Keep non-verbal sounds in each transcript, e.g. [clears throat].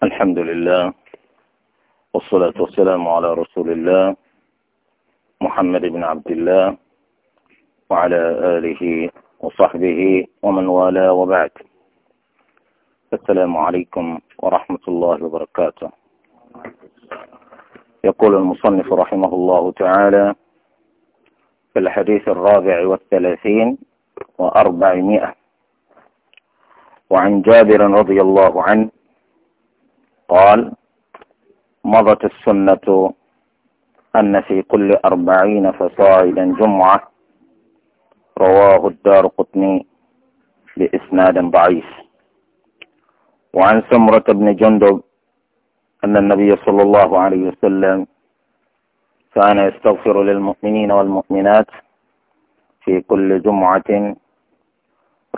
الحمد لله والصلاة والسلام على رسول الله محمد بن عبد الله وعلى آله وصحبه ومن والاه وبعد السلام عليكم ورحمة الله وبركاته يقول المصنف رحمه الله تعالى في الحديث الرابع والثلاثين وأربعمائة وعن جابر رضي الله عنه قال مضت السنة أن في كل أربعين فصاعدا جمعة رواه الدار قطني بإسناد ضعيف وعن سمرة بن جندب أن النبي صلى الله عليه وسلم كان يستغفر للمؤمنين والمؤمنات في كل جمعة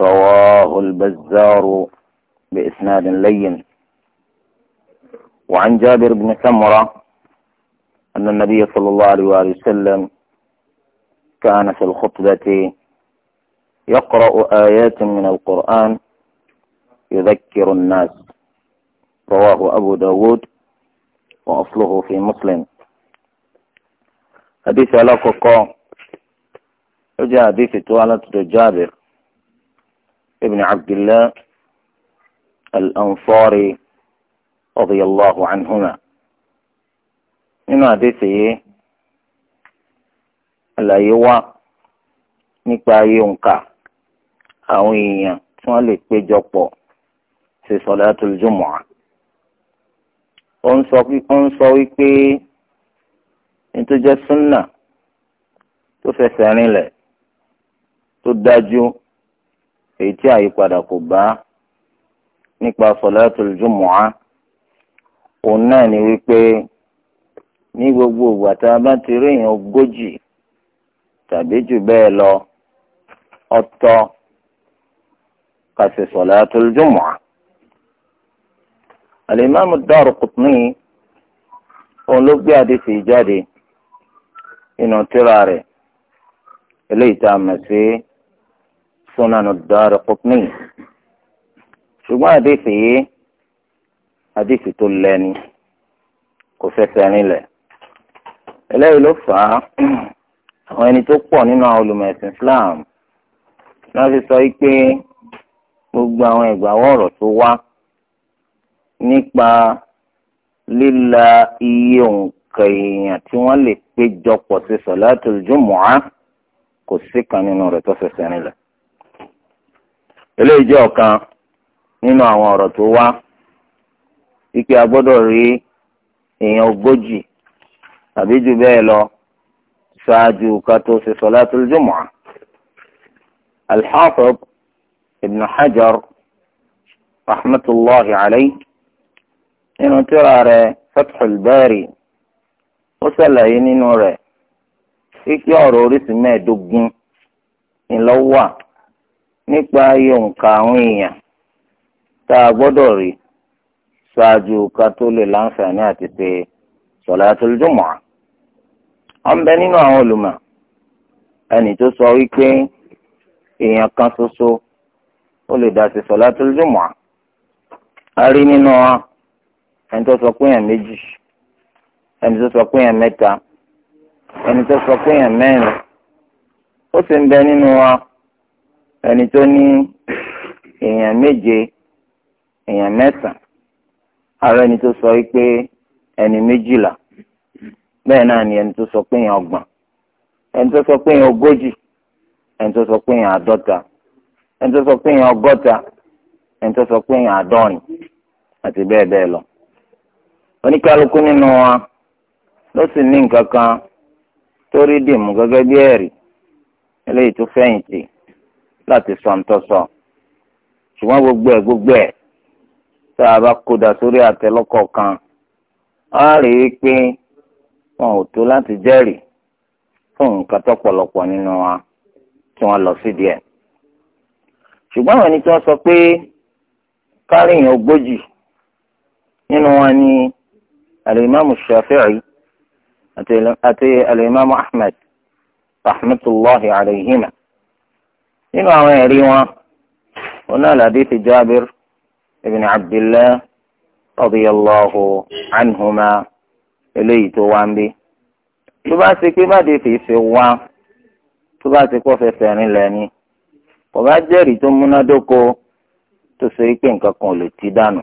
رواه البزار بإسناد لين وعن جابر بن سمرة أن النبي صلى الله عليه وآله وسلم كان في الخطبة يقرأ آيات من القرآن يذكر الناس رواه أبو داود وأصله في مسلم حديث على وجاء حديث توالة جابر ابن عبد الله الأنصاري radiyallahu anhuma nínú àdéhùn yìí àlàyé wá nípa ayé òǹkà àwọn èèyàn tí wọ́n lè péjọ pọ̀ ṣe salatul jumu'ah ó ń sọ wípé nítòjẹ́ súnà tó fẹsẹ̀ rinlẹ̀ tó dájú èyí tí àyípadà kò bá nípa salatul jumu'ah òun náà ni wípé ní gbogbo ìgbà tá a bá ti rí èèyàn ogójì tàbí jù bẹ́ẹ̀ lọ ọ̀tọ̀ ká ṣe salatul jumu'ah. Al-Imam ad-Daraqutni òun ló gbé àdìsí jáde inú tírà rẹ̀ eléyìí tá a mọ̀ sí Sunan ad-Daraqutni ṣùgbọ́n àdìsí yìí hadith tó lẹ́ni kò fẹsẹ̀ rinlẹ̀ eléyìí ló fà á àwọn ẹni tó pọ̀ nínú àwọn olùmọ̀ẹ̀sìn Islam náà ti sọ pé gbogbo àwọn ìgbàwọ́ ọ̀rọ̀ tó wá nípa líla iye òǹkà èèyàn tí wọ́n lè pé jọpọ̀ sí sọ̀láàtùl jumu'ah kò sí kan nínú rẹ̀ tó fẹsẹ̀ rinlẹ̀ eléyìí jẹ́ ọ̀kan nínú àwọn ọ̀rọ̀ tó wá wípé a gbọ́dọ̀ rí èèyàn ogójì tàbí jù bẹ́ẹ̀ lọ ṣáájú ká tó ṣe salatul jumu'ah. al-Hafiz ibn Hajar rahmatulahi alayhi nínú tírà rẹ̀ Fathul Bari ó ṣàlàyé nínú rẹ̀ wípé ọ̀rọ̀ oríṣi mẹ́ẹ̀ẹ́dógún ńlọ́wọ́ nípa iye òǹkà àwọn èèyàn tá a gbọ́dọ̀ rí ṣáájú ká tó lè láǹfààní àti ṣe sọ̀látùl jumu'ah. wọ́n bẹ nínú àwọn olùmọ̀ ẹni tó sọ wípé èèyàn kan ṣoṣo ó lè dá sí sọ̀látùl jumu'ah. a rí nínú wọn ẹni tó sọ pé èèyàn méjì ẹni tó sọ pé èèyàn mẹ́ta ẹni tó sọ pé èèyàn mẹ́rin ó sì ń bẹ nínú wa ẹni tó ní èèyàn méje èèyàn mẹ́sàn-án Ara ẹni tó sọ pé ẹni méjìlá bẹ́ẹ̀ náà ni ẹni tó sọ pé èèyàn ọgbọ̀n ẹni tó sọ pé èèyàn ogójì ẹni tó sọ pé èèyàn àádọ́ta ẹni tó sọ pé èèyàn ọgọ́ta ẹni tó sọ pé èèyàn àádọ́rin àti bẹ́ẹ̀ bẹ́ẹ̀ lọ. oníkálukú nínú wa ló sì ní nǹkan kan tó rí dìmú gẹ́gẹ́ bí ẹ̀rí eléyìí tó fẹ̀yìntì láti sọ ń tọ́ sọ ṣùgbọ́n gbogbo ẹ̀ gbogbo ẹ̀ tá a bá kódà sórí àtẹlọ́kọ̀ kan á rí i pé wọn ò tó láti jẹ́rìí fún nǹkan tó pọ̀lọpọ̀ nínú wa tí wọ́n lọ sídìí ẹ̀. ṣùgbọ́n àwọn ẹni tí wọ́n sọ pé kárìyàn ogójì nínú wọn ni alimami shafi'i àti alimami ahmed rahmatulahi alayhima nínú àwọn ẹ̀rí wọn onáàlà dìtì jábìrì. ابن عبد الله رضي الله عنهما eléyìí tó wá ń bí tó bá ti pé bàdé fi fi wá tó bá ti kó fẹsẹ̀ rìn lẹ́ni kò bá jẹ́rìí tó múnádóko tó ṣe pé nǹkan kan ò lè ti dànù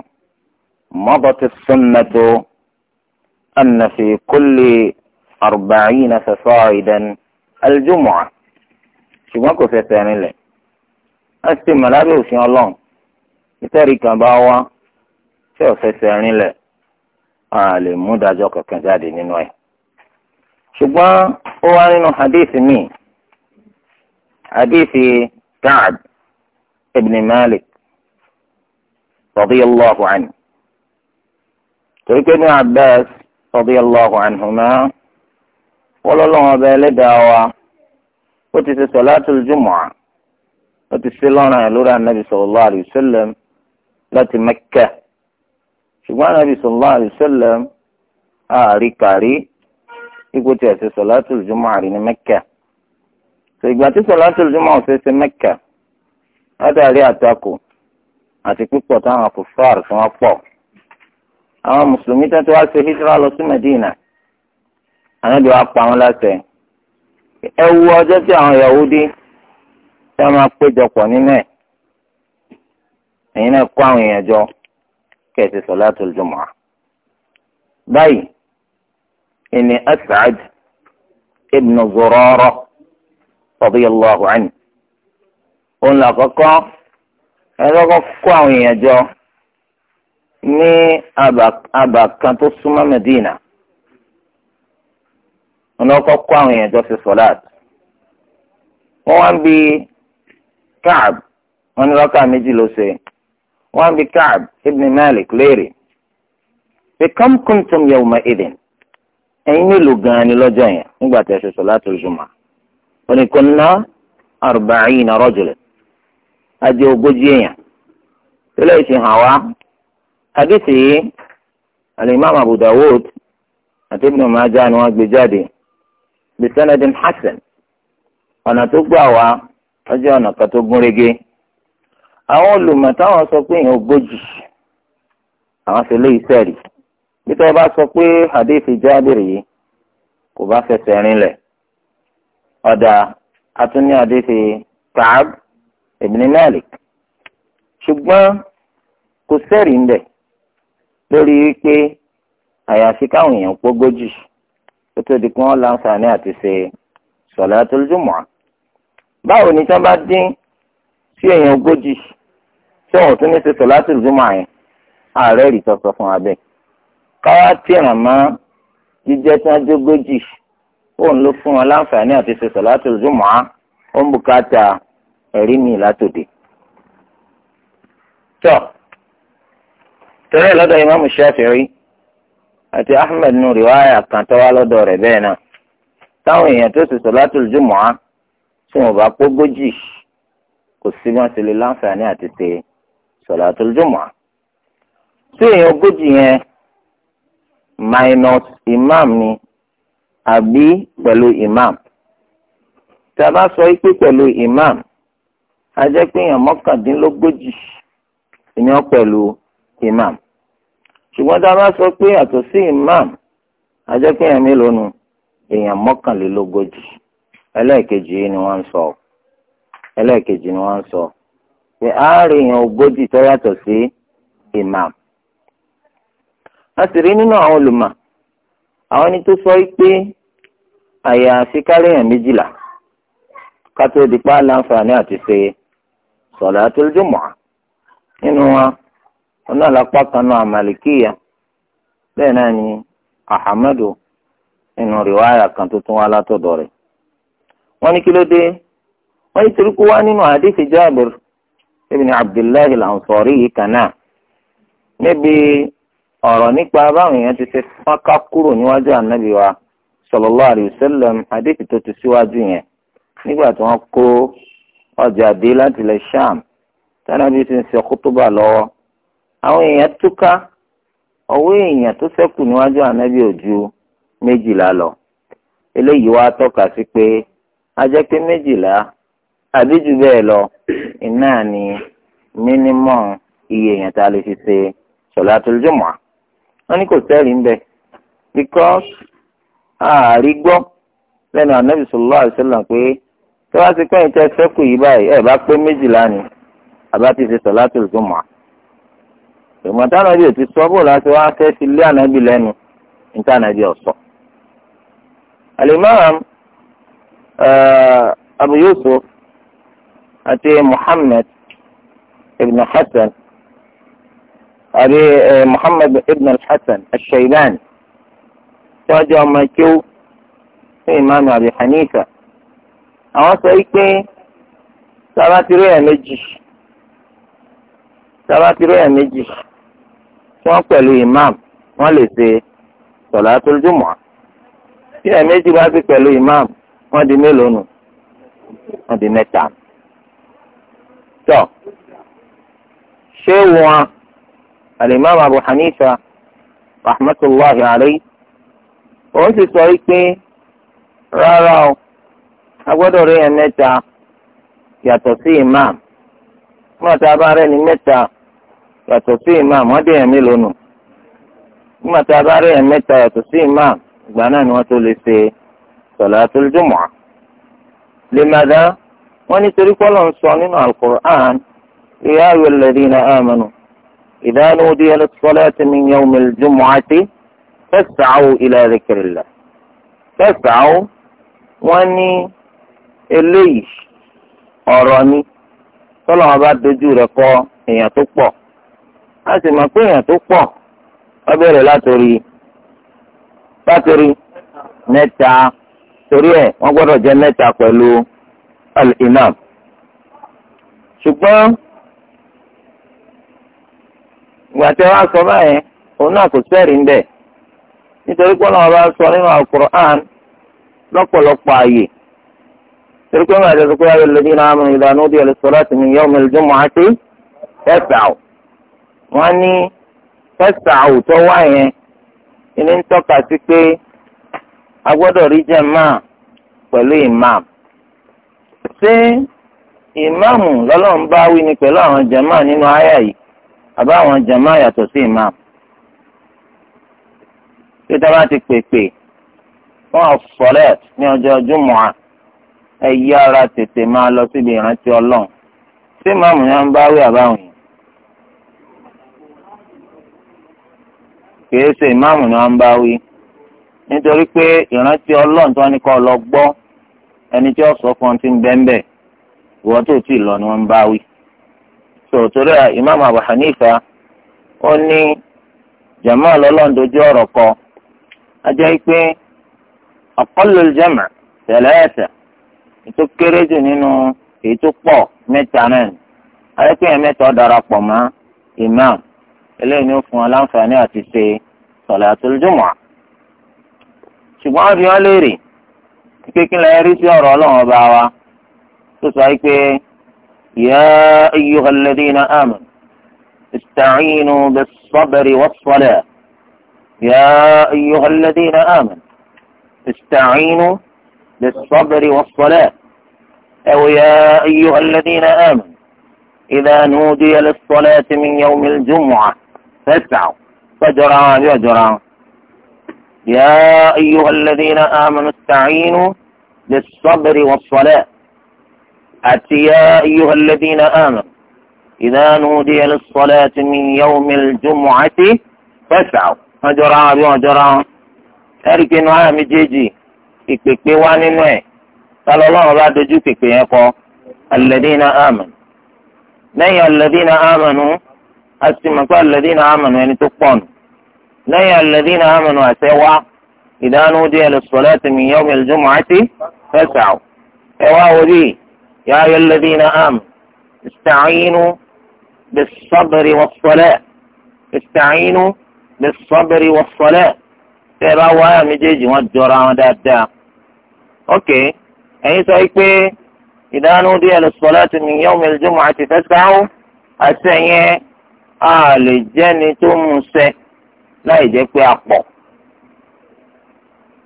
mọ́bọ̀tì sunnatu anna fi kulli arba'ina fasa'idan aljumu'a ṣùgbọ́n kò fẹsẹ̀ rìn lẹ̀ ẹ ti mọ̀ lábẹ́ òfin ọlọ́run títẹ̀rí kan bá wá tí ọ̀sẹ̀sẹ̀ rinlẹ̀ a lè mú dájọ́ kankan jáde nínú ẹ̀. ṣùgbọ́n ó wá nínú hadith míì hadith Ka'b ibn Malik radiyallahu anhu torí pé ní Abbas radiyallahu anhuma wọ́n lọ́lọ́wọ́ ọba ẹlẹ́dàá wa ó ti ṣe salatul ó ti ṣe lọ́rùn àyàn lórí anabi sallallahu alayhi wa láti mẹ́kà ṣùgbọ́n Ànábì sallallahu alaihi wasallam àárí kàrí ipò tí a ṣe salatul jumu'a àrí ní mẹ́kà ṣègbà tí salatul jumu'a ọ̀sẹ̀ ṣe mẹ́kà látàrí àtakò àti pípọ̀ táwọn kùfàr tí wọ́n pọ̀ àwọn mùsùlùmí tó ti wá ṣe hijira lọ sí Medina Ànábì wa pa wọn láṣẹ ẹ wú ọjọ́ tí àwọn Yahudi tí wọ́n máa péjọpọ̀ nínú ẹ̀ ẹ̀yin náà kó àwọn èèyàn jọ kẹsì sọlátul jumu'ah. báyìí ẹni as'ad ibn zurara radiyallahu anhu òun làkọ́kọ́ ẹni lọ́kọ́ kó àwọn èèyàn jọ ní àbà kan tó súnmọ́ Medina òun lọ́kọ́ kó àwọn èèyàn jọ sí sọláàtì wọ́n wá ń bi káàb wọ́n ní rákà méjì ló ṣe wọ́n bi Ka'b ibn Malik léèrè pé kam kuntum yawma idin ẹ̀yin mélòó gan-an ni lọ́jọ́ yẹn nígbà tẹ̀ ṣe sọ̀látù Juma ó ní kunna arba'ina rajulan ajé ogójì èèyàn tẹ́lẹ̀ ìṣìhàn wa hadisi yìí al-Imam Abu Dawud àti Ibn Majah ni wọ́n gbé jáde bisanadin hasan ọ̀nà tó gbà wá ọjọ́ ọ̀nà kan tó gún àwọn olùmọ̀ táwọn sọ pé èèyàn ogójì àwọn fi lé iṣẹ́ rí nípa ẹ bá sọ pé hadithi jábìrì yìí kò bá fẹsẹ̀ rinlẹ̀ ọ̀dà atúní hadithi Ka'ab ibn Malik ṣùgbọ́n kò sẹ́rì ń bẹ̀ lórí wípé àyàfi káwọn èèyàn pógójì kó tó di pé wọ́n láǹfààní àti ṣe salatul jumu'ah báwo ni tí wọ́n bá dín sí èèyàn ogójì ṣé òun tún ní ṣe sọ̀láṣì ìjùmọ̀ àyìn ààrẹ rì sọ̀sọ̀ fún abẹ́ káwá tìràn mọ́ jíjẹ́ tí wọ́n dógójì òun ló fún wọn láǹfààní àti ṣe sọ̀láṣì ìjùmọ̀ á ó ń bùkátà ẹ̀rí mi látòdì. tọ́ tẹ́lẹ̀ lọ́dọ̀ imáàmù Ṣáfi'í àti Ahmed nù rìwáyà kan tọ́wá lọ́dọ̀ rẹ̀ bẹ́ẹ̀ náà táwọn èèyàn tó ṣe sọ̀láṣì ìjùmọ̀ á tí wọn bá pógójì kò sí wọn ti lè láǹfààní àti tèè salatul jumu'ah tí èèyàn ogójì yẹn minus imam ni àbí pẹ̀lú imam tí a bá sọ pé pẹ̀lú imam a jẹ́ pé èèyàn mọ́kàndínlógójì èèyàn pẹ̀lú imam ṣùgbọ́n tí a bá sọ pé àtọ̀ sí imam a jẹ́ pé èèyàn mélòó nu èèyàn mọ́kànlélógójì ẹlẹ́ẹ̀kejì yìí ni wọ́n ń sọ ẹlẹ́ẹ̀kejì ni wọ́n ń sọ. ṣe àárín èèyàn ogójì tó imam. a sì rí nínú àwọn olùmọ̀ àwọn ẹni tó sọ pé àyàfi káríyàn méjìlá ká tó di pa láǹfààní àti ṣe salatul jumu'ah nínú wa ọ̀nà àlápá kan náà àmàlìkíyà bẹ́ẹ̀ náà ni ahamadu nínú rìwáyà kan tuntun tún látọ̀dọ̀ rẹ̀ wọ́n ní kí ló dé wọ́n ní torí kó ibn abdullahi al-ansari yìí kan náà níbi ọ̀rọ̀ nípa báwọn èèyàn ti ṣe fọ́nká kúrò níwájú ànábì wa sallallahu alayhi wa sallam hadith tó ti síwájú yẹn nígbà tí wọ́n kó ọjà dé láti ilẹ̀ sham tánàbí ti ń ṣe kútúbà lọ́wọ́ àwọn èèyàn túká ọwọ́ èèyàn tó ṣẹ́kù níwájú ànábì ojú méjìlá lọ eléyìí wá tọ́ka sí pé a pé méjìlá àbí jù bẹ́ẹ̀ lọ iná ni mínímọ̀ iye èèyàn tá a lè fi ṣe sọ̀látùl jumu'ah wọ́n ní kò sẹ́rìí ń bẹ̀ because ààrí gbọ́ lẹ́nu ànábì sallallahu alaihi wasallam pé tí wọ́n ti pẹ́yìn tẹ́ sẹ́kù yìí báyìí ẹ̀ bá pé méjìlá ni àbá ti ṣe sọ̀látùl jumu'ah ìmọ̀tá ànábì ò ti sọ bó láti wá fẹ́ fi lé ànábì lẹ́nu níta ànábì ọ̀sọ́. al-imam eh, Abu Yusuf أتي محمد ابن حسن أبي محمد ابن الحسن الشيباني تواجه مكيو في إمام أبي حنيفة àwọn sọ wípé sabatiro yẹn méjì sabatiro yẹn méjì tí wọn pẹ̀lú imam wọn lè ṣe sọlátul jumu'ah tí yẹn méjì bá ti pẹ̀lú imam wọn di mélòó nù wọn di mẹ́ta tọ́ ṣé wọn alimami abu hanifa rahmatulahi alayhi òun sì sọ pé rárá o a gbọ́dọ̀ rí ẹn sí imam nígbà tá a bá rẹ́ ni imam wọ́n dé ẹ̀mí lónìí nígbà tá a bá sí imam ìgbà náà ni wọ́n tó lè ṣe wọ́n nítorí pọ́lọ̀ ń sọ nínú alukur'an ìyá ayọ̀ lẹ́dínà àmàlù ìdáná odi ẹlẹ́sọ́láàtì mi yẹn omi ìjùmọ̀ àti fẹ́sàáwò ilẹ̀ ẹ̀rẹ́kẹrìlá fẹ́sàáwò wọ́n ní eléyìí ọ̀rọ̀ ni tọ́lọ̀ wọn bá dojú rẹ̀ kọ èèyàn tó pọ̀ a sì mọ̀ pé èèyàn tó pọ̀ wọ́n bẹ̀rẹ̀ látòrí látòrí mẹ́ta torí ẹ̀ wọ́n gbọ́dọ̀ jẹ́ mẹ́ta pẹ̀lú al-imam ṣùgbọ́n ìgbà tí wọ́n á sọ báyẹn òun náà kò sẹ́rìí ń bẹ̀ nítorí pé ọlọ́run bá sọ nínú al-Qur'an lọ́pọ̀lọpọ̀ ààyè torí pé wọ́n àjọṣepọ̀ yàrá lórí náà àmọ́ ìlànà òdì al-salati min yawm al-jumu'ati fas'aw wọ́n ní fas'aw tó wá yẹn ìní ń tọ́ka sí pé a gbọ́dọ̀ rí jàmáà pẹ̀lú imam ṣé ìmáàmù lọ́lọ́run bá wí ni pẹ̀lú àwọn jàmá nínú àyà yìí àbá àwọn jàmá yàtọ̀ sí ìmáàmù tí tábà ti pèpè fún ọ̀fọ̀lẹ́t ní ọjọ́ júmọ̀á ẹ yára tètè máa lọ síbi ìrántí ọlọ́run ṣé ìmáàmù yẹn ń bá wí àbáwọn yìí kìí ṣe ìmáàmù ni wọ́n ń bá wí nítorí pé ìrántí ọlọ́run tí wọ́n ní kọ́ lọ gbọ́ ẹni tí ó sọ fún ọ ti ń bẹ́ńbẹ́ ìwọ́n tó ti lọ ni wọ́n ń bá wí. so torí ẹ imam abu hanifa ó ní jama lọ́lọ́run dojú ọ̀rọ̀ kọ ajẹ́ pé aqallu al-jama' thalatha ètò kéré jù nínú ètò pọ̀ mẹ́ta náà ni ajẹ́ mẹ́ta darapọ̀ mọ́ imam eléyìí ni ó fún ọ àti ṣe salatul jumu'ah ṣùgbọ́n àbí wọn léèrè. kékin lè rí sí ọ̀rọ̀ ọlọ́run ọba wa tó sọ pé ya ayyuhal ladina amanu ista'inu bis sabri was salah ya ayyuhal ladina amanu ista'inu bis sabri was salah wò ya ayyuhal ladina amanu idha nudiya lis salati min yawmil jumu'ah fas'aw fajran yajran. يا أيها الذين آمنوا استعينوا بالصبر والصلاة أت يا أيها الذين آمنوا إذا نودي للصلاة من يوم الجمعة فاسعوا فجرعا بوجرعا أركي نعام آه جيجي إكبكي واني نوي قال الله بعد جوكك يقو الذين آمنوا من الذين آمنوا أسمكوا الذين آمنوا يعني تقونوا لا يا الذين امنوا سوا اذا نودي للصلاه من يوم الجمعه فاسعوا سوا ودي يا ايها الذين امنوا استعينوا بالصبر والصلاه استعينوا بالصبر والصلاه سوا ويا مجيج وجرا ودادا اوكي اي سايك اذا نودي للصلاه من يوم الجمعه فاسعوا اسعي آل جنتم سه láì jẹ́ pé a pọ̀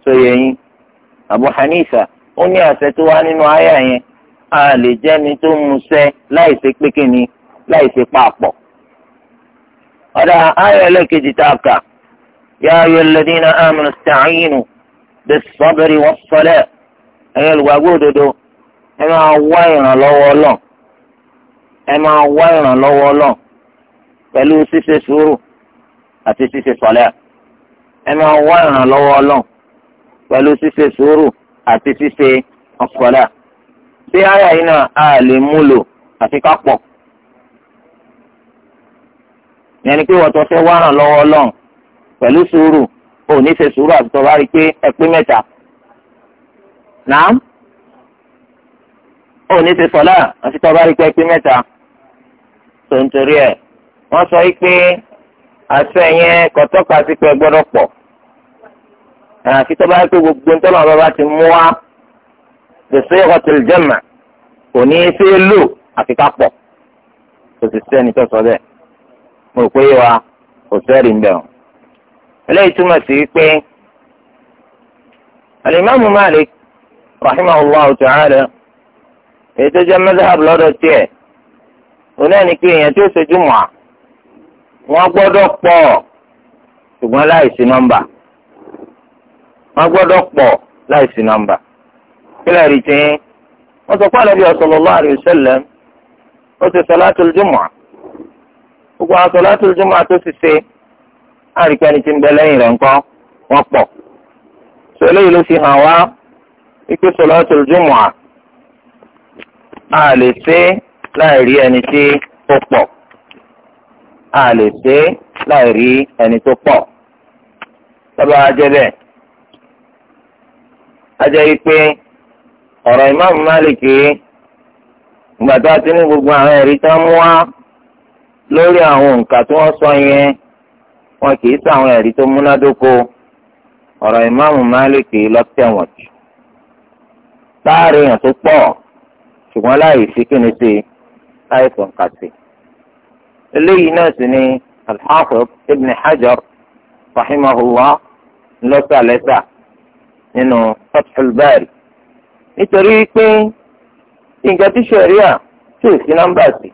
sóye yín Abu Hanifa ó ní àṣẹ tó wá nínú àyà yẹn a lè jẹ́ni tó musẹ́ láì ṣe pé kíni láì ṣe pàpọ̀ ọ̀dà àyà ẹlẹ́kejì tá a kà yā ayyuhalladhīna āmanū ista'īnū bis-sabri was-salāh ẹ̀yin olùgbàgbọ́ òdodo ẹ máa wá ìrànlọ́wọ́ Ọlọ́run ẹ máa wá ìrànlọ́wọ́ Ọlọ́run pẹ̀lú ṣíṣe sùúrù àti ṣíṣe sọlẹ ẹ máa wá ìrànlọ́wọ́ Ọlọ́run pẹ̀lú ṣíṣe sùúrù àti ṣíṣe ọsọlẹ bí àyà yìí náà a lè mú àti ká pọ̀ ni pé wọ́n tó fẹ́ wá ìrànlọ́wọ́ Ọlọ́run pẹ̀lú sùúrù ò ní ṣe sùúrù àti tọ́ba rí i pé ẹ pé mẹ́ta náà ò ní ṣe sọlá àti tọ́ba rí i pé ẹ pé mẹ́ta tó ń wọ́n sọ yìí pé àṣẹ yẹn kọtọ́ka sí pé gbọ́dọ̀ pọ̀ àfi tó bá yẹ kó gbogbo ntọ́nà ọba bá ti mú wa tẹ̀sẹ̀ ọ̀tẹ̀lì jẹ́mà kò ní í ṣe é lò àfi ká pọ̀ kò sì sẹ́ni tó sọ bẹ́ẹ̀ mo pé wa kò sẹ́rì ń bẹ̀ eléyìí túmọ̀ sí pé alimami Malik rahimahullah ta'ala èyí tó jẹ́ mẹ́tàbí lọ́dọ̀ tiẹ̀ onáà ní pé èèyàn tó ṣe jùmọ̀ à wọ́n gbọ́dọ̀ pọ̀ ṣùgbọ́n láìsí nọ́mbà wọ́n gbọ́dọ̀ pọ̀ láìsí nọ́mbà kílẹ̀ rí ti yín wọ́n sọ pé Ànábì sallallahu alaihi wasallam ó ti salatul jumu'ah gbogbo àwọn salatul jumu'ah tó ti ṣe àríkẹ́ ni ti ń bẹ lẹ́yìn rẹ̀ ńkọ́ wọ́n pọ̀ sọ eléyìí ló fi hàn wá ikú salatul jumu'ah a lè ṣe láì rí ẹni tí ó pọ̀ a lè ṣe láì rí ẹni tó pọ̀ lọ́ba ajẹ́ bẹ́ẹ̀ ajẹ́ yìí pé ọ̀rọ̀ ìmáàmù Málìkì ìgbà tó a ti ní gbogbo àwọn ẹ̀rí tó ń mú wá lórí àwọn nǹkan tí wọ́n sọ yẹn wọn kì í sọ àwọn ẹ̀rí tó múnádóko ọ̀rọ̀ ìmáàmù Málìkì lọ́tẹ̀wọ̀n jù láàrin èèyàn tó pọ̀ ṣùgbọ́n láì sí kí ni ṣe láì sọ̀ǹkà sí i eléyìí náà sì ni al-Hafiz ibn hajar rahimahullah lọ́sàlẹ́sà nínú Fathul Bari nítorí pé nǹkan tí sẹ̀ríà tí ò sí nọ́mbà sí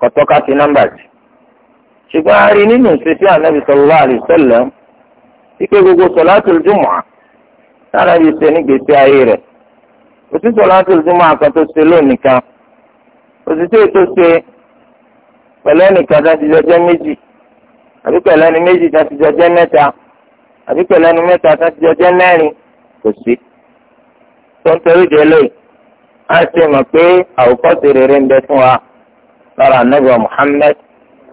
kọ̀tọ́ka sí nọ́mbà sí ṣùgbọ́n a rí nínú ìṣesí ànábì sallallahu alaihi wasallam wípé gbogbo sọ̀látùl jumu'ah sára yìí ṣe ní gbèsè ayé rẹ̀ òtún sọ̀látùl jumu'ah kan lónìí kan òtún tó ṣe pẹ̀lú ẹnìkan tá ti jọjẹ́ méjì àbí pẹ̀lú ẹni méjì tá ti jọjẹ́ mẹ́ta àbí pẹ̀lú ẹni mẹ́ta tá ti jọjẹ́ mẹ́rin kò sí. tó ń torí délé a ṣe mọ̀ pé àwòkọ́ṣe rere ń bẹ fún wa lára ànábì wa Muhammad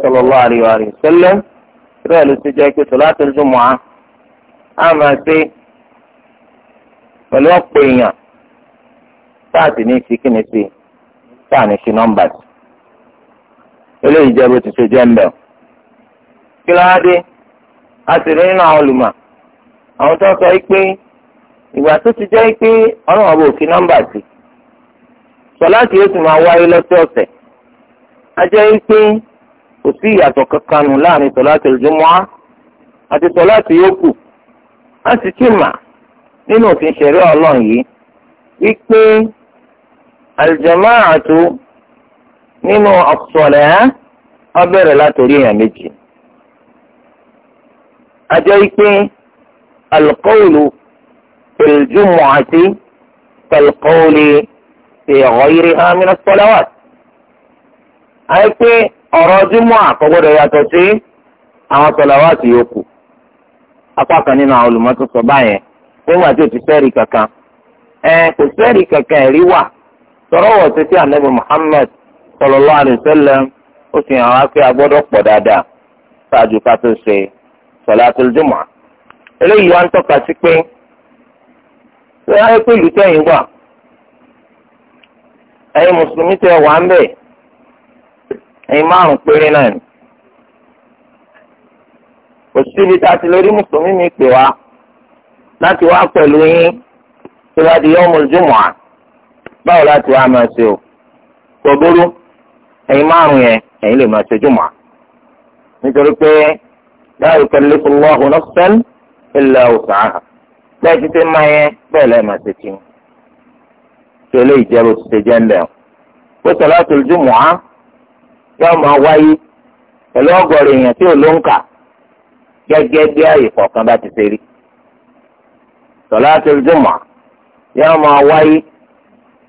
sallallahu alaihi wa sallam bẹ́ẹ̀ ló ti jẹ́ pé salatul jumu'a máa ṣe pẹ̀lú ọ̀pọ̀ èèyàn táà sì ní sí kí ni sí táà ní sí nọ́mbà sí. eléyìí jẹ́ bó ti ṣe jẹ́ ń kí ló a sì rí nínú àwọn olùmọ̀ àwọn tó sọ pé ìgbà tó ti jẹ́ pé ọlọ́run ọba òfin nọ́mbà sí sọláàtì yóò máa wáyé lọ́sọ̀ọ̀sẹ̀ a jẹ́ pé kò sí ìyàtọ̀ kankan nù láàrin sọláàtì àti sọláàtì a sì ti nínú òfin ṣẹ̀rí ọlọ́run yìí wípé nínú ọ̀sọ̀rẹ́ ẹ́ ọ bẹ̀rẹ̀ látòrí èèyàn méjì. ajẹ́ pé alukóòlù ìlúmọ̀ àti alukóòlù ìhọ̀ yìí hàmínà sọ́láwà. ayé pé ọ̀rọ̀ júmọ̀ àkọ́gbọ́dọ̀ yàtọ̀ sí àwọn sọ́láwà tí yòókù. apá kan nínú àwọn olùmọ́tò báyẹn nígbà tí o ti sẹ́ẹ̀rì kankan. ẹ kò sẹ́ẹ̀rì kankan ẹ̀rí wà sọ̀rọ̀ wọ̀ sí sí ànábì Muhammad sallallahu alaihi wasallam ó fi hàn wá pé a gbọ́dọ̀ pọ̀ dáadáa ṣáájú ká tó ṣe salatul jumu'ah. eléyìí wá ń tọ́ka sí pé wọ́n á yẹ pé ìlú tẹ̀yìn wà ẹ̀yin mùsùlùmí tẹ wà ń bẹ̀ ẹ̀yin márùn-ún péré náà ni. kò síbi tá a ti lórí mùsùlùmí mi pè wá láti wá pẹ̀lú yín tó bá di yawmul jumu'ah báwo láti wá máa ṣe o kò burú ẹ̀yin márùn yẹn ẹ̀yin lè máa ṣe jùmọ̀ nítorí pé la yukallifu Allahu nafsan illa wus'aha bẹ́ẹ̀ ti ṣe máa yẹn bẹ́ẹ̀ lẹ́ẹ̀ máa ṣe tì í tó lè jẹ́ bó ti ṣe jẹ́ ń bẹ̀ ó salatul jumu'ah yóò máa wáyé pẹ̀lú ọgọ́rọ̀ èèyàn tí ò ló ń kà gẹ́gẹ́ bí ààyè kọ̀ọ̀kan bá ti ṣe rí salatul jumu'ah yóò máa wáyé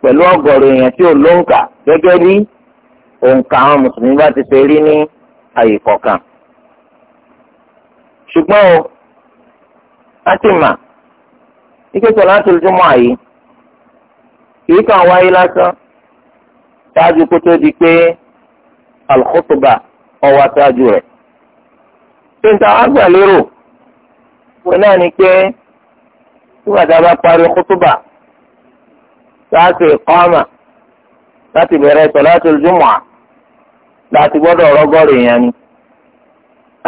pẹ̀lú ọgọ́rọ̀ èèyàn tí ò ló ń kà gẹ́gẹ́ bí òǹkà àwọn mùsùlùmí bá ti ṣe rí ní àyè kọ̀ọ̀kan. ṣùgbọ́n o láti mà ike sọ̀láàtùl jumu'ah àyè kìí kàn wáyé lásán ṣáájú kó tó di pé al-khutba ọwọ́ aṣáájú rẹ̀. ṣé n lérò pé náà ni pé tí bàtà bá parí khutba ṣáà ṣe iqama láti bẹ̀rẹ̀ sọ̀láàtì jùmọ̀ láti gbọ́dọ̀ rọ́gọ́rì yẹn ni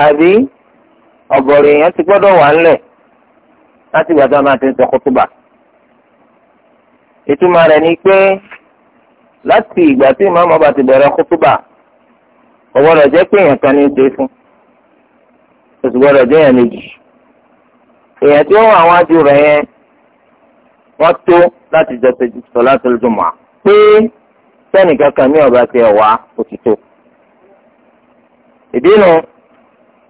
àbí ọ̀gọ̀rì yẹn ti gbọ́dọ̀ wà ńlẹ̀ láti gbàdá máa ti ń sọ kótóbà. ìtumọ̀ rẹ̀ ni pé láti ìgbà tí ìmáàmù bá ti bẹ̀rẹ̀ kótóbà kò gbọ́dọ̀ jẹ́ pé èèyàn kan ní í ṣe fún kò sì gbọ́dọ̀ jẹ́ èèyàn méjì. èèyàn tí ó wà àwọn ajú rẹ̀ yẹn wọ́n tó láti jọ sọ̀láàtì jùmọ̀ pé sẹ́ni kankan ní ọba ti ẹ̀wá òtítọ́. ìdínú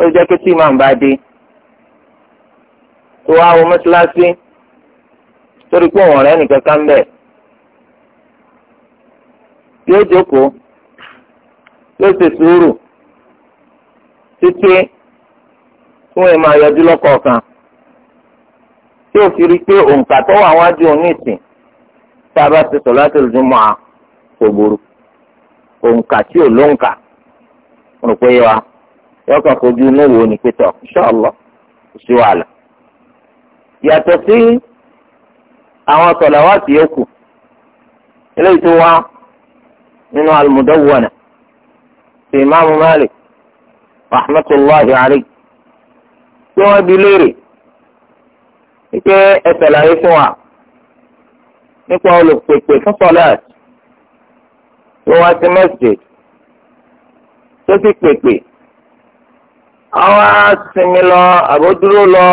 ó jẹ́ pé tí màá bá dé tó wá wọ mọ́ṣáláṣí torí pé òun ọ̀rẹ́ nìkan kan bẹ̀. yóò jókòó yóò ṣe sùúrù títí fún ẹ̀ máa yọjú lọ́kọ̀ọ̀kan tí ó fi rí pé òǹkà tó wà wájú òun ìsìn tá a bá ti sọ̀ láti lójú mọ́ a kò burú òǹkà tí ò lóǹkà rò pé wa yọkàn kojú inú wo ni pété ọ ṣọlọ kò sí wàhálà. yàtọ̀ sí àwọn sọ̀làwátì yòókù eléyìí tó wá nínú al-Mudawwana ti ìmáàmù Malik rahmatulahi alayhi tí wọ́n bi léèrè wípé ẹ ṣàlàyé fún wa nípa olùpèpè fún sọ̀láàtì tó wá sí masjid tó sì pèpè àwọn asinmi lọ àbójúró lọ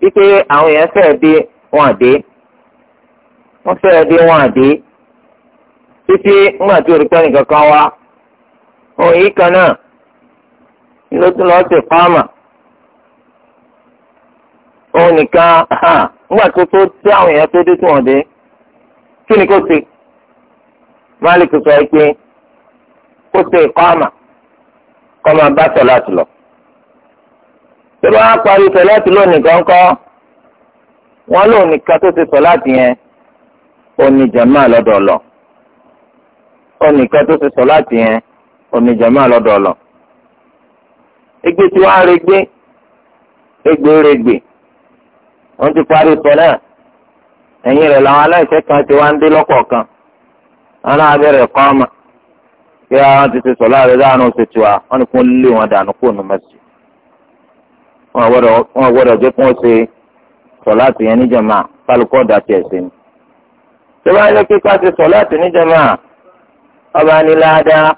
wípé àwọn èèyàn fẹ́ẹ́ dé wọn àdé wọ́n fẹ́ẹ́ dé wọn àdé títí ńgbà tí olùkọ́ nìkan kan wá òun yìí kan náà ló tún lọ́ọ́ sì pàmà òun nìkan ńgbà tó tó tí àwọn èèyàn tó dé tí wọ́n dé kí ni kò sí. Malik sọ pé kó ṣe ìkọ́mà kọ́ máa bá sọ̀láàtì lọ. tó bá parí sọ̀láàtì lónìí kọ́ńkọ́ wọn lónìí kan tó ṣe sọ̀láàtì yẹn òní jàmá lọ́dọ̀ lọ. ònìí kan tó ṣe sọ̀láàtì yẹn òní jàmá lọ́dọ̀ lọ. igbe tí wọ́n á regbé egbe regbè wọ́n ti parí sọ náà ẹ̀yìn rẹ̀ làwọn aláìsẹ́ kan ti wá ń dé lọ́kọ̀ọ̀kan àwọn abẹ́rẹ́ kọ́ ọmọ pé àwọn ti ti sọ láàrin láàrin oṣù tiwa wọ́n ní kó lé wọn dànù kó nu mẹ́sì wọ́n gbọ́dọ̀ jẹ́ kó ṣe sọ láti yẹn níjàmá kálukọ́ dàtí ẹ̀sìn ni. tó bá yẹ kíkọ́ ti sọ láti níjàmá ọba ní ládàá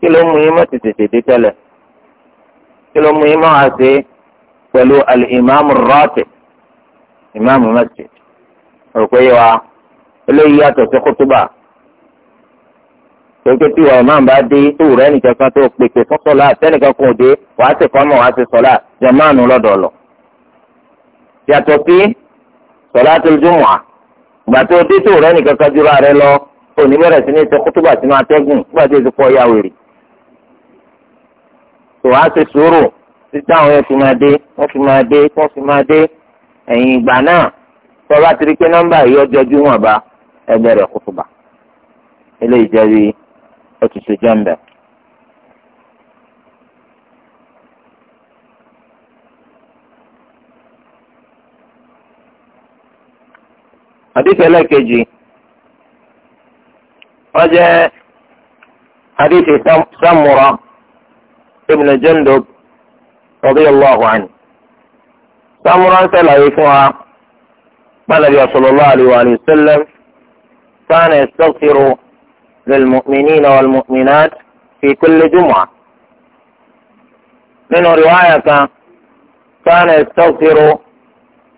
kí ló mú yín mọ́ tètè tètè tẹ́lẹ̀ kí ló mú yín mọ́ àṣẹ pẹ̀lú alìmáàmù rọ́ọ̀tì ìmáàmù mẹ́sì. òkú yìí wa eléyìí yàtọ̀ sí kútúbà kéńké tí wọn máa ń bá dé tó rẹ nìkan kan tó pèpè fún sọlá sẹnìkan kò dé wàá sì kọ́ mọ̀ wàá sì sọlá jẹ̀máànù lọ́dọọlọ. yàtọ̀ sí sọlá tó jùmọ̀ ìgbà tó dé tó rẹ nìkan kan jùlọ rẹ lọ òní bẹ̀rẹ̀ sí ní sọ kó túbà sínú atẹ́gùn nígbà tí èsì pọ̀ ya wèrè. tó wàá sì sùúrù títí àwọn yẹn fi máa dé wọ́n fi máa dé wọ́n fi máa dé ẹ̀yìn ìgbà náà tọ́lá ti rí pé nọ́mbà yìí ọjọ́ jùmọ̀ bá ẹgbẹ́ rẹ̀ kó túbà eléyìí ó ti ṣe حديث لكجي وجاء حديث سمرة ابن جندب رضي الله عنه سمرة سلعيفها ما النبي صلى الله عليه وآله وسلم كان يستغفر للمؤمنين والمؤمنات في كل جمعة منه رواية كان يستغفر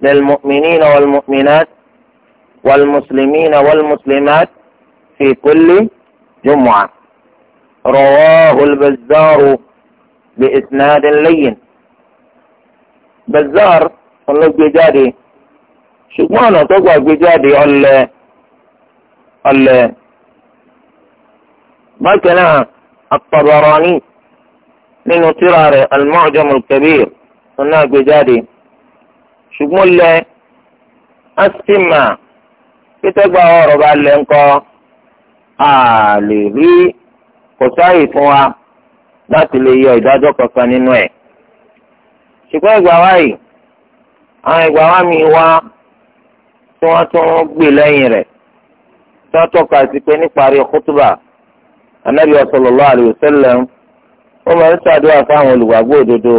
للمؤمنين والمؤمنات والمسلمين والمسلمات في كل جمعة رواه البزار بإسناد لين بزار ọlọ́gbẹ́jáde ṣùgbọ́n شكوانا تقوى gbà gbé jáde bákan náà At-Tabarani nínú tírà rẹ̀ Al-Mu'jam Al-Kabir ọ̀nà àgbéjáde ṣùgbọ́n lẹ asima pétégbà ọ̀rọ̀ bá lẹ ńkọ́ a lè rí kò sáàyè fún wa láti lè yọ ìdájọ́ kankan nínú ẹ̀ ṣùgbọ́n ìgbà wáyìí àwọn ìgbà wá mi wá tí wọ́n tún gbè lẹ́yìn rẹ̀ tí wọ́n tọ́ka sí pé níparí kútùbà anabi sallallahu alayhi wa sallam ó máa ń ṣàdúrà fáwọn olùgbàgbọ́ òdodo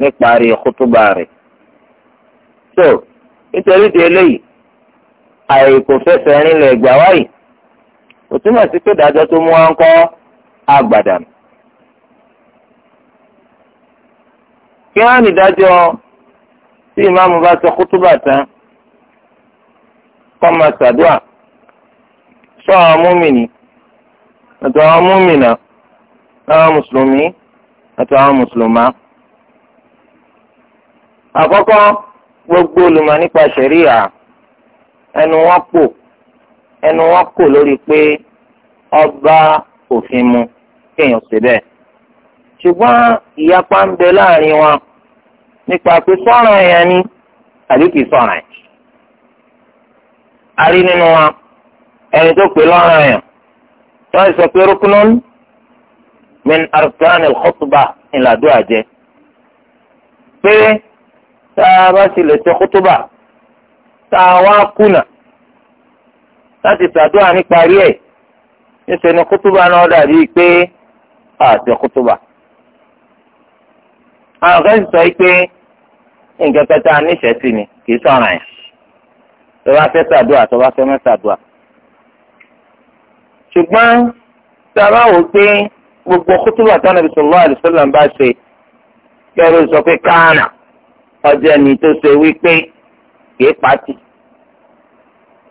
níparí kútúbà rẹ̀. so nítorí di eléyìí àìkò fẹsẹ̀ rinlẹ̀ ìgbà wáyìí kò túmọ̀ sí pé ìdájọ́ tó mú wa ń kọ́ àgbàdà. kí wọ́n á nìdájọ́ tí ìmáàmù bá sọ kútúbà tán kọ́ máa ṣàdúrà sọ àwọn múmi nìí àtàwọn múmìnà àtàwọn mùsùlùmí àtàwọn mùsùlùmá. àkọ́kọ́ gbogbo olùmọ̀ nípa ṣẹ̀ríà ẹnu wọn pọ̀ ẹnu wọn kò lórí pé ọba òfin mu kéèyàn ṣe bẹ́ẹ̀. ṣùgbọ́n ìyapa ń bẹ láàrin wọn nípa pé sọ́ràn ẹ̀yàn ni àbí kìí sọ̀ràn ẹ̀. a rí nínú wọn ẹni tó pè lọ́ràn ẹ̀yàn wọ́n sọ pé rukunun min arkan al-khutba ìlàdúrà jẹ́ pé tá a bá sì lè ṣe khutba tá a wá kùnà láti ṣàdúrà níparí ẹ̀ níṣẹ́ ni khutba náà dàbí pé àti khutba. àwọn kan sọ pé nǹkan kẹta níṣẹ́ sí ni kì í sọ̀ràn yẹn tó bá fẹ́ ṣàdúrà tó bá fẹ́ mẹ́ṣàdúrà ṣùgbọ́n tá a bá wò pé gbogbo kútùbà tí Ànábì sallallahu alaihi wasallam bá ṣe kẹrù sọ pé káànà ọjọ́ ẹni tó ṣe wípé kìí pàtì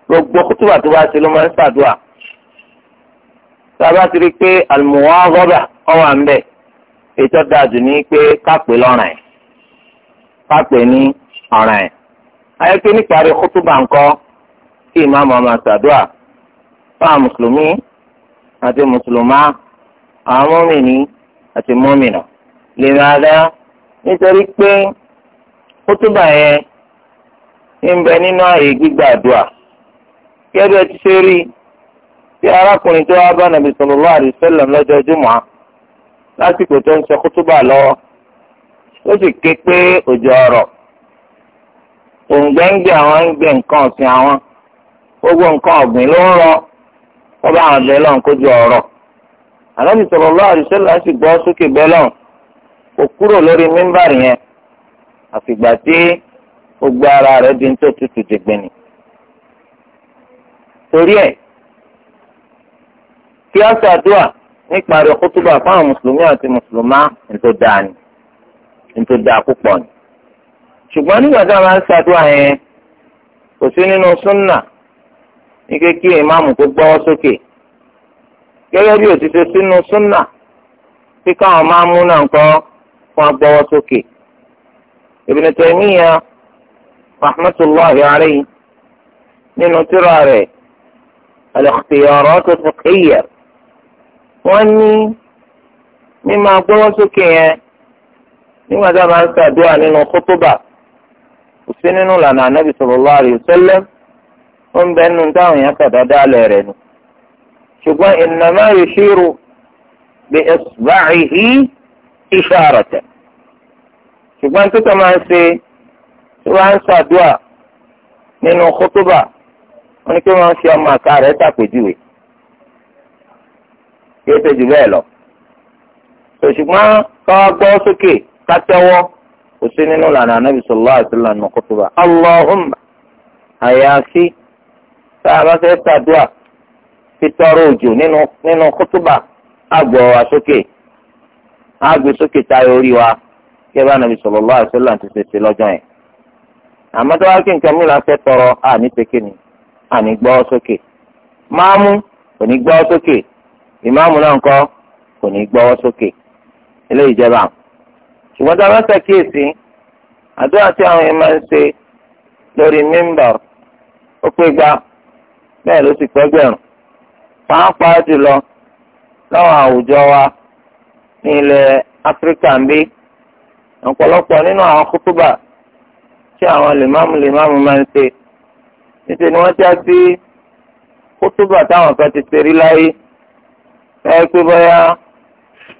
gbogbo kútùbà tó bá ṣe ló máa ń ṣàdúrà tá a bá ti rí i pé al-muwadhaba ọwọ́ ń bẹ̀ ètò dájú ní pé kápẹ́ lọ́ràn ẹ̀ kápẹ́ ní ọ̀ràn ẹ̀ ayé pé níparí kútùbà ńkọ́ kí ìmáàmù máa ṣàdúrà fáwọn mùsùlùmí àti mùsùlùmá àwọn mọ́mìnì àti mọ́mìnà lè máa dá nítorí pé kútúbà yẹn ń bẹ nínú ààyè gbígbàdúà kẹ́bí ẹ ti ṣe rí tí arákùnrin tó wá bá nàbì sallallahu alaihi wasallam lọ́jọ́ jùmọ̀ lásìkò tó ń sọ kútúbà lọ́wọ́ ó sì ké pé òjò ọ̀rọ̀ òǹgbẹ́ǹgbẹ́ àwọn ń gbẹ nǹkan ọ̀sìn àwọn gbogbo nǹkan ọ̀gbìn ló ń rọ wọ́n bá àwọn bẹ́ẹ̀ lọ́n kójú ọ̀rọ̀ ànábì sallallahu alaihi wasallam sì gbọ́ sókè bẹ́ẹ̀ lọ́n kò kúrò lórí mímbàrì yẹn àfìgbà tí gbogbo ara rẹ̀ di tó tutù ti gbìnì. torí ẹ̀ kí á ṣàdúrà nípa rẹ̀ kútúbà fáwọn mùsùlùmí àti mùsùlùmá ètò dáa ni ètò dáa púpọ̀ ni ṣùgbọ́n nígbà tí a máa ń ṣàdúrà yẹn kò sí nínú súnnà ní pé kí ìmáàmù kó gbọ́wọ́ sókè gẹ́gẹ́ bí òtítọ́ sínú súnà tí káwọn máa mú náà kọ́ fún agbọ́wọ́ sókè Ibn Taymiyyah rahmatullahi alayhi nínú tírà rẹ̀ al-ikhtiyarat al-fiqhiyyah wọ́n ní mímọ agbọ́wọ́ sókè yẹn nígbà tá a máa ń ṣàdúrà nínú kótóbà kò nínú lànà anábì sallallahu alayhi ó ń bẹ nínú táwọn èèyàn kàdá dálẹ̀ rẹ̀ nù ṣùgbọ́n innama yushiru bi isba'ihi isharatan ṣùgbọ́n títọ́ máa ń ṣe tí wọ́n á ń ṣàdúà nínú kótóbà wọ́n ní kí wọ́n fi ọmọ àka rẹ̀ ṣàpèjúwe kí ó ṣe jù bẹ́ẹ̀ lọ. ṣùgbọ́n káwá gbọ́ sókè ká kò sí nínú lànà anábì sallallahu alaihi wasallam kótóbà. Allahumma àyàfi tá a bá fẹ́ ṣàdúrà títọrọ òjò nínú nínú kútùbà àgbọ̀ wa sókè àgbè sókè tayọ orí wa kí ẹ bá nàbì sallallahu alaihi wasallam ti ṣe ṣe lọ́jọ́ yẹn àmọ́ tó wá kí nǹkan mìíràn fẹ́ tọrọ àní pékè ni àní gbọ́ sókè máàmú kò ní gbọ́ sókè ìmáàmù náà ńkọ́ kò ní gbọ́ sókè eléyìí jẹba ṣùgbọ́n tí a bá ṣàkíyèsí àdúrà tí àwọn yẹn máa ń ṣe lórí mímbà ó pé gba bẹ́ẹ̀ ló sì pẹ́gbẹ̀rún pàápàá jùlọ láwọn àwùjọ wa ní ilẹ̀ áfíríkà ń bí ọ̀pọ̀lọpọ̀ nínú àwọn kútúbà tí àwọn lèmáàmù lèmáàmù máa ń ṣe níṣẹ́ ni wọ́n já sí kútúbà táwọn kan ti ṣe rí láyé ẹ pé bóyá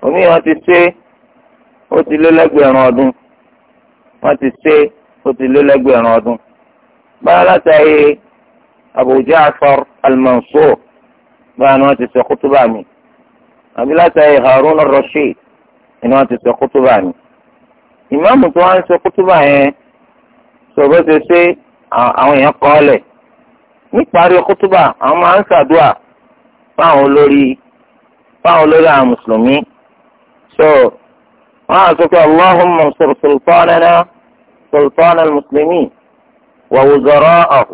òmíràn ti ṣe ó ti lé lẹ́gbẹ̀rún ọdún wọ́n ti ṣe ó ti lé lẹ́gbẹ̀rún ọdún báyọ̀ látàrí Abu Ja'far al-Mansur báyìí ni wọ́n ti sọ kútúbà mi àbí látàrí Harun al-Rashid ni wọ́n ti sọ kútúbà mi ìmáàmù tó wá ń sọ kútúbà yẹn sọ̀rọ̀ ṣe ṣe àwọn èèyàn kọ́ ọ́lẹ̀ níparí kútúbà àwọn máa ń ṣàdúà fáwọn olórí fáwọn olórí àwọn mùsùlùmí so wọ́n á sọ pé Allahumma ansur sultanana sultana al-muslimin wa wuzara'ahu.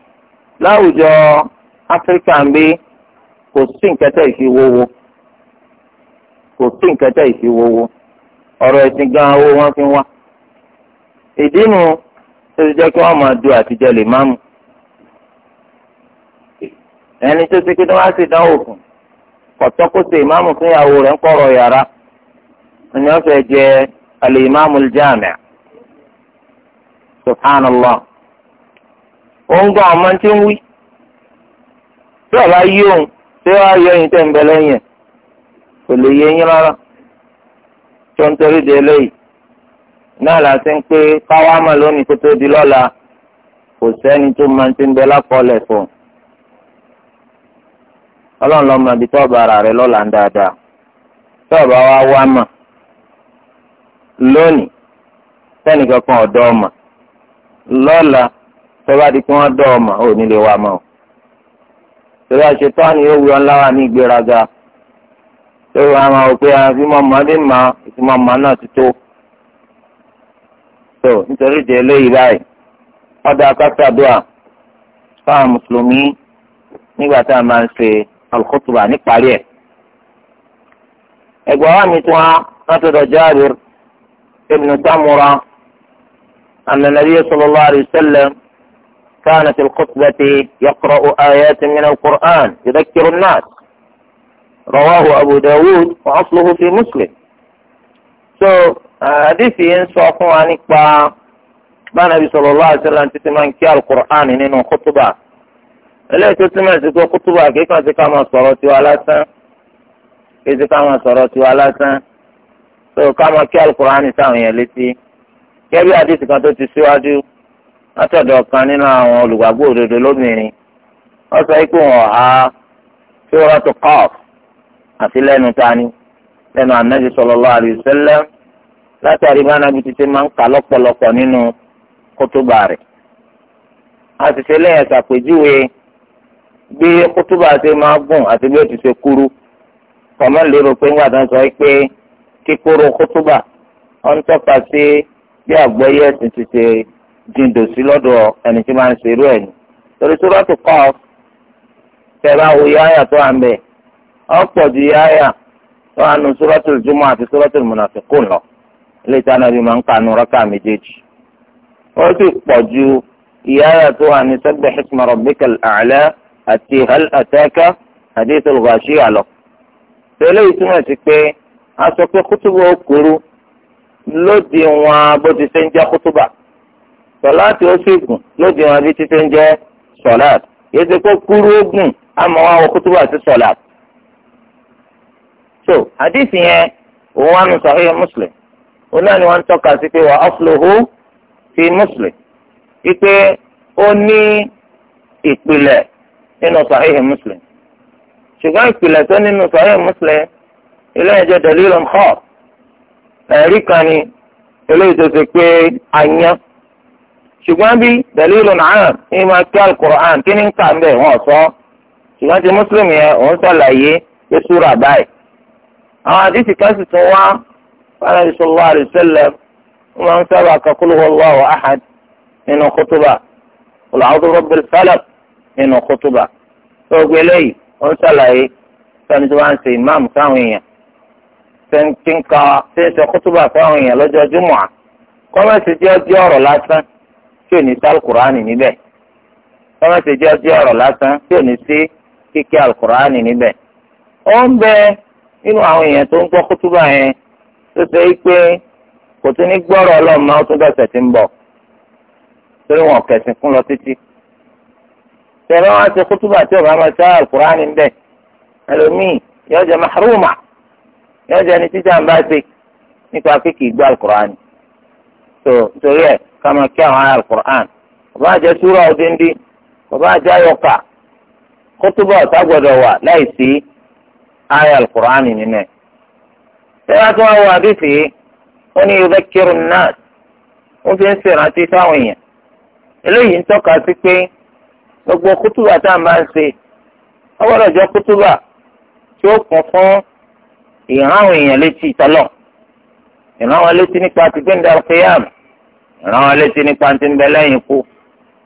láwùjọ áfíríkà ń bí kò sí nkẹtẹ kò sí nkẹtẹ ọ̀rọ̀ ẹ̀sìn gan owó wọn fi wá ìdí nu jẹ́ kí wọ́n máa du àtijọ́ lè má mu ẹni tó ti kí ni wọ́n á sì fún kọ̀tọ́ kó ṣe ìmáàmù fún ìyàwó rẹ̀ ń kọ̀rọ̀ yàrá òun gan ọmọ tí ń wí tí ọ̀la yí òun tí ó yọ ẹyin tẹ̀ ń bẹ lẹ́yìn ẹ̀ kò rárá tó ń torí náà ń pé káwá mà lónìí kó tó di lọ́la kò sẹ́ni tó máa ti ń bẹ lápọ̀lẹ̀ fún un lọ́la ń dáadáa wa wá mà lọ́la. tọ́ba di pé wọ́n dọ̀ ọmọ ò nílé wa mọ́ tọ́ba ṣetánì yóò wí ọ́nlá wa ní ìgbéraga tọ́ba wa máa wò pé àfi mọ́ mọ́lé mà ìtumọ̀ mọ́ náà ti tó tó nítorí ìdè eléyìí báyìí ọ̀dà akásàdúà fáwọn mùsùlùmí nígbà tá a máa ń ṣe alùkùtùbà níparí ẹ̀. ẹ̀gbọ́n wa mi tún wá látọ̀dọ̀ Jábìr ibn Samura anna nabiyya sallallahu alayhi wa كان في الخطبة يقرأ آيات من القرآن يذكر الناس رواه أبو داود وأصله في مسلم so àdìsí yìí ń sọ fún wa nípa bánabi sallallahu alaihi wasallam títí máa ń kí alukur'an nínú kútùbà eléyìí tó túmọ̀ sí pé kútùbà kíkan ti ká máa sọ̀rọ̀ tiwa lásán kí ti ká máa sọ̀rọ̀ tiwa lásán so ká máa kí alukur'an sáwọn yẹn létí kẹ́bí àdìsí kan tó ti síwájú látọ̀dọ̀ kan nínú àwọn olùgbàgbọ́ òdodo lóbìnrin wọ́n sọ pé wọ́n ha Suratul Qaf àti lẹ́nu tani lẹ́nu anabi sallallahu alaihi wasallam látàrí bá anabi títí máa ń kà lọ́pọ̀lọpọ̀ nínú kótóbà rẹ̀ a sì ṣe lẹ́yìn ṣàpèjúwe bí kótóbà ṣe máa gùn àti bí ó ti ṣe kúrú kọ̀mọ́ lérò pé ńgbà tó ń sọ pé kíkúrú kótóbà ó ń tọ́ka sí bí àgbọ́yé ẹ̀sìn ti ṣe dìndò sí lọ́dọ̀ ẹni tí máa ń ṣerú ẹ̀ ni torí Suratul Qaf tẹ̀lé àwọn yáyà tó à ń bẹ̀ ọ̀pọ̀ ju yáyà tó à ń nu Suratul Jumu'ah àti Suratul Munafiqun lọ ilé ìtàn àbí máa ń kanu rákà méjèèjì ó sì pọ̀ ju yáyà tó à ní sabbih isma rabbikal a'la àti hal ataka hadithul ghashiya lọ tẹ̀lé ìtumọ̀ sí pé pé kútùbù ó kúrú lóde bó ti ṣe ń jẹ́ kútùbà sọláàtì ó sì gùn lóde wọn bí títí ń jẹ́ sọláàtì yìí ti kó kúrú ogun àmọ́ wọn wọ kútúbà sí sọláàtì. so àdìsí yẹn òun wà nù sahih muslim òun náà ni wọ́n ń tọ́ka sí pé wà asluhu fi muslim wípé ó ní ìpìlẹ̀ nínú sahih muslim ṣùgbọ́n ìpìlẹ̀ tó nínú sahih muslim ilé ẹjọ́ dalilun khar ẹ̀rí kan ni eléyìí tó ṣe pé a ṣùgbọ́n bí dalilun am ní ma kí alukur'an kí ni ń kà ń bẹ̀ wọ́n sọ ṣùgbọ́n ti muslim yẹn òun ṣàlàyé pé súra báyìí. àwọn àdìsí kan sì tún wá fanabi sallallahu alayhi wa sallam wọ́n máa ń sábà ka qul huwallahu ahad nínú kútùbà qul a'udhu bi rabbil falaq nínú kútùbà. gbogbo eléyìí òun ṣàlàyé sani tí wọ́n ń ṣe imam sáwọn èèyàn tí ń ka sáwọn èèyàn lọ́jọ́ jùmọ̀ tí ò ní sí alukur'ani níbẹ̀ wọ́n máa ṣe jẹ́ ọjọ́ ọ̀rọ̀ lásán tí ò ní sí kíkẹ́ alukur'ani níbẹ̀ ó ń bẹ nínú àwọn èèyàn tó ń gbọ́ kútúbà yẹn tó ṣe é pé kò tún ní gbọ́rọ̀ ọlọ́run máa tún dọ̀sẹ̀ tí ń bọ̀ torí wọn kẹsìn fún lọ títí tẹ̀lé wọn ṣe kútúbà tí ò bá máa ṣe alukur'ani níbẹ̀ ẹlòmíì yóò jẹ́ mahruma yóò jẹ́ ní títà ń ṣe nípa kíkì gbọ́ alukur'ani tó torí ẹ̀ kama kí àwọn ará alukur'an bàbá àjẹ súra òdìndí bàbá àjẹ ayọkà kótóbá ọ̀tá gbọdọ̀ wà láì sí ará alukur'an nínú ẹ̀. sẹ́wọ́n tó wá wọ àdìsí ó ní yorùbá kírun náà wọ́n fi ń ṣèrántí sáwọn èèyàn eléyìí ń tọ́ka sí pé gbogbo kótóbá tá a máa ń ṣe ó jẹ́ kótóbá tí ó kún fún ìhàn àwọn èèyàn létí ìtọ́lọ̀ ìhàn àwọn létí nípa ti gbẹ̀ndà ọ̀kẹ́yàmù ràn wọn létí nípa ti ń bẹ lẹ́yìn ikú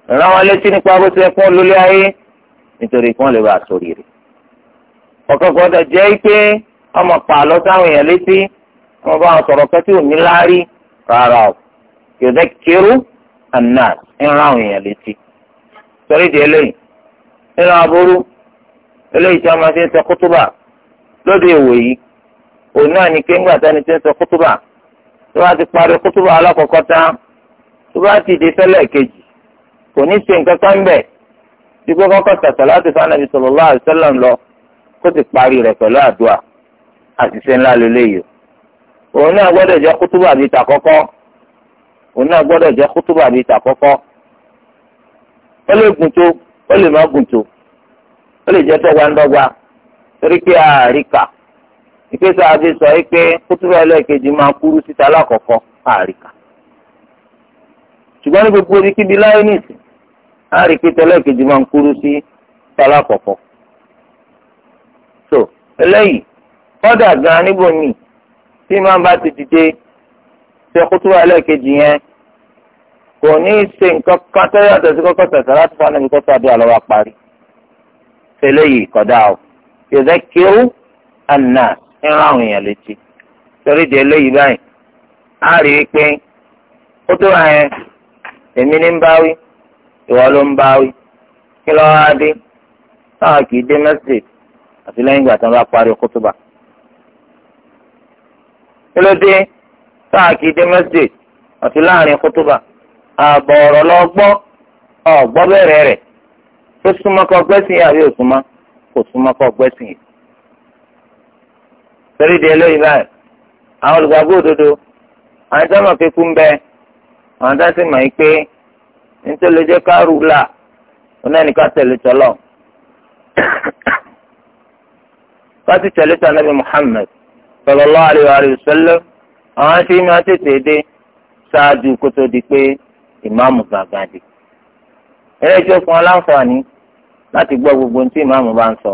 ràn wọn létí nípa bó ti yẹ kó lulẹ̀ ayé nítorí kí wọ́n lè bá a sórí rẹ̀. ọ̀kan gbọ́dọ̀ jẹ́ pé ọmọ pààlọ́ sáwọn èèyàn létí wọ́n bá wọn sọ̀rọ̀ kẹ́tí òní láárí rárá o yòókè kérú àná ń rán àwọn èèyàn létí. sọrí di eléyìí nínú aburú eléyìí tí wọ́n máa fi ń sọ kútúbà lóde ìwò yìí òun náà ni kéńgbà tani ti ń sọ kútúbà tí wọ́n ti parí kútúbà alákọ̀ọ́kọ́ tán tó bá ti di sẹ́lẹ̀ kejì kò ní ṣe nǹkan kan bẹ̀ dípò kọ́kọ́ sàtàlátì fanabi sallallahu alaihi wasallam lọ kó ti parí rẹ̀ pẹ̀lú àdúrà àṣìṣe ńlá lélẹ́yìí òun náà gbọ́dọ̀ jẹ́ kútúbà bíi tàkọ́kọ́ òun náà gbọ́dọ̀ jẹ́ kútúbà bíi tàkọ́kọ́ ó lè gùn tó ó lè má gùn tó ó lè jẹ́ tọ́gbandọ́gba torí pé àríkà ìpèsè àbí sọ pé kútúbà ẹlẹ́ẹ̀kejì máa kúrú síta lákọ̀ọ́kọ́ àríkà ṣùgbọ́n ní gbogbo orí kíbi láyé nìsí á rí pé tẹ́lẹ̀ kejì máa ń kúrú sí tọ́lá kọ̀kọ́. so eléyìí kọ́dà gan-an níbo ni tí máa bá ti dìde ṣe kútúbà ẹlẹ́ẹ̀kejì yẹn kò ní í ṣe nǹkan kan tó yàtọ̀ sí kọ́kọ́ tẹ̀sán láti fún ànábi kọ́kọ́ àdúrà lọ́wọ́ parí. tẹ́lẹ̀ yìí kọ́dà o yòókè kéwú àná ìran àwọn èèyàn létí torí di eléyìí báyìí á rí i pé kútúbà yẹn èmi ní ń bá wí ìwọ ló ń bá wí kí ló wá dé táwọn kì í dé masjid àfi lẹ́yìn ìgbà tí wọ́n bá parí kútùbà kí ló dé táwọn kì í dé masjid àfi láàrin kútùbà ààbọ̀ ọ̀rọ̀ lọ gbọ́ ọ̀gbọ́ bẹ̀rẹ̀ tó súnmọ́ kọ gbẹ́sìn yàrá yóò kò súnmọ́ kọ gbẹ́sìn yìí. torí de báyìí àwọn olùgbàgbọ́ òdodo àwọn ìjọba ń bẹ́ẹ̀ àwọn tá a sì mọ̀ yìí pé nítorí ló jẹ́ ká rú là onánìkan tẹ̀lé tọ́lọ̀ pátí tẹ̀lé tọ́ anábì Muhammad sallallahu alaihi wa sallam àwọn tí máa tètè dé ṣáájú kó tó di pé ìmáàmù gàgà dé eré tí ó fún ọ láǹfààní láti gbọ́ gbogbo ohun tí ìmáàmù bá ń sọ